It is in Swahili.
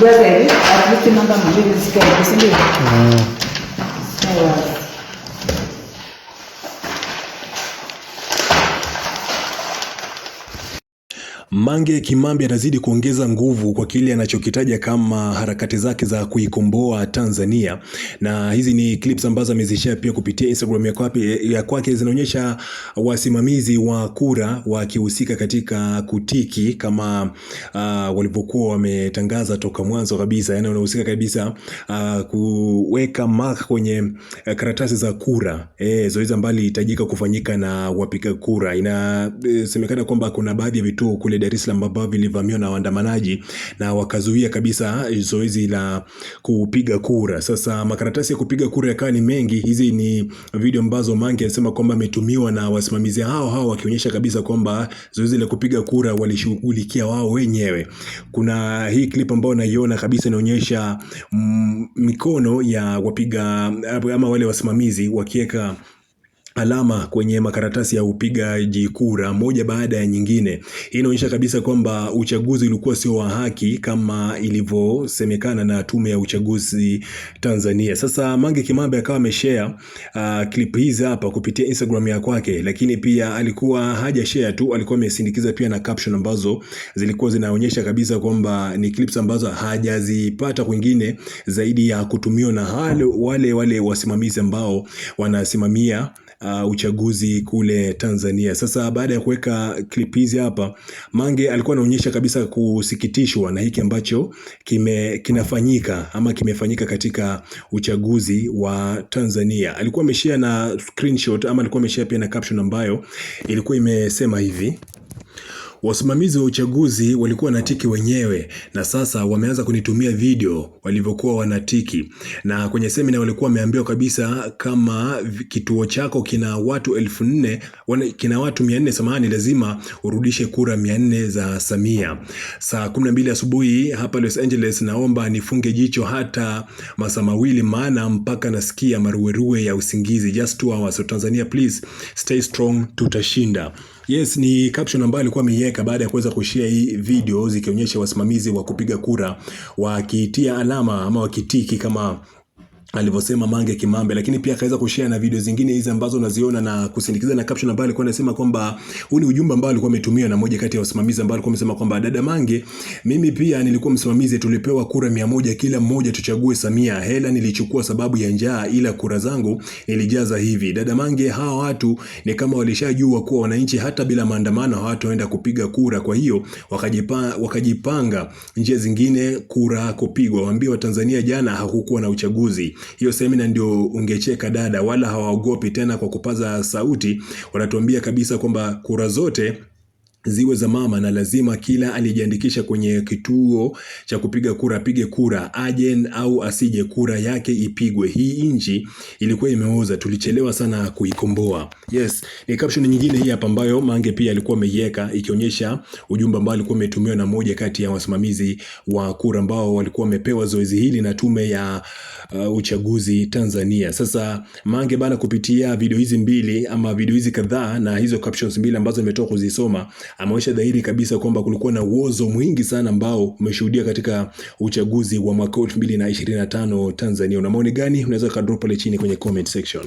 Ti Mange Kimambi anazidi kuongeza nguvu kwa kile anachokitaja kama harakati zake za kuikomboa Tanzania, na hizi ni clips ambazo amezishare pia kupitia Instagram ya kwake, zinaonyesha wasimamizi wa kura wakihusika katika kutiki kama uh, walivyokuwa wametangaza toka mwanzo kabisa, yani wanahusika kabisa uh, kuweka mark kwenye eh, karatasi za kura e, zoezi ambalo litajika kufanyika na wapiga kura. Inasemekana eh, kwamba kuna baadhi ya vituo kule Dar es Salaam ambavyo vilivamiwa na waandamanaji na wakazuia kabisa zoezi la kupiga kura. Sasa makaratasi ya kupiga kura yakawa ni mengi. Hizi ni video ambazo Mange anasema kwamba ametumiwa na wasimamizi hao hao, wakionyesha kabisa kwamba zoezi la kupiga kura walishughulikia wao wenyewe. Kuna hii clip ambayo naiona kabisa inaonyesha mm, mikono ya wapiga ama wale wasimamizi wakiweka alama kwenye makaratasi ya upigaji kura moja baada ya nyingine. Hii inaonyesha kabisa kwamba uchaguzi ulikuwa sio wa haki kama ilivyosemekana na tume ya uchaguzi Tanzania. Sasa Mange Kimambe akawa ameshare uh, clip hizi hapa kupitia Instagram ya kwake, lakini pia alikuwa haja share tu, alikuwa amesindikiza pia na caption ambazo zilikuwa zinaonyesha kabisa kwamba ni clips ambazo hajazipata kwingine zaidi ya kutumiwa na hali wale wale wasimamizi ambao wanasimamia uh, uchaguzi kule Tanzania. Sasa baada ya kuweka clip hizi hapa, Mange alikuwa anaonyesha kabisa kusikitishwa na hiki ambacho kime, kinafanyika ama kimefanyika katika uchaguzi wa Tanzania. Alikuwa ameshare na screenshot ama alikuwa ameshare pia na caption ambayo ilikuwa imesema hivi Wasimamizi wa uchaguzi walikuwa wanatiki wenyewe, na sasa wameanza kunitumia video walivyokuwa wanatiki. Na kwenye semina walikuwa wameambiwa kabisa, kama kituo chako kina watu elfu nne kina watu mia nne samahani, lazima urudishe kura mia nne za Samia. Saa mbili asubuhi hapa Los Angeles, naomba nifunge jicho hata masaa mawili, maana mpaka nasikia maruweruwe ya usingizi. Just two hours. So Tanzania, please stay strong, tutashinda. Yes, ni caption ambayo alikuwa ameiweka baada ya kuweza kushare hii video zikionyesha wasimamizi wa kupiga kura wakitia alama ama wakitiki kama alivyosema Mange Kimambe, lakini pia akaweza kushare na video zingine hizi ambazo unaziona na kusindikiza na caption ambayo alikuwa anasema kwamba huu ni ujumbe ambao alikuwa ametumia na moja kati ya wasimamizi ambao alikuwa amesema kwamba dada Mange, mimi pia nilikuwa msimamizi, tulipewa kura mia moja kila mmoja tuchague Samia. Hela nilichukua sababu ya njaa, ila kura zangu nilijaza hivi. Dada Mange, hawa watu ni kama walishajua kuwa wananchi hata bila maandamano hawataenda kupiga kura, kwa hiyo wakajipanga, wakajipanga njia zingine kura kupigwa. Waambie Watanzania, jana hakukuwa na uchaguzi hiyo semina ndio ungecheka dada, wala hawaogopi tena kwa kupaza sauti. Wanatuambia kabisa kwamba kura zote ziwe za mama na lazima kila aliyejiandikisha kwenye kituo cha kupiga kura apige kura, aje au asije, kura yake ipigwe. Hii nchi ilikuwa imeoza, tulichelewa sana kuikomboa. Yes, ni caption nyingine hii hapa ambayo Mange pia alikuwa ameiweka ikionyesha ujumbe ambao alikuwa umetumiwa na moja kati ya wasimamizi wa kura ambao walikuwa wamepewa zoezi hili na tume ya uh, uchaguzi Tanzania. Sasa Mange bana, kupitia video hizi mbili ama video hizi kadhaa na hizo captions mbili ambazo nimetoka kuzisoma ameonyesha dhahiri kabisa kwamba kulikuwa na uozo mwingi sana ambao umeshuhudia katika uchaguzi wa mwaka 2025 Tanzania. Una maoni gani? Unaweza drop pale chini kwenye comment section.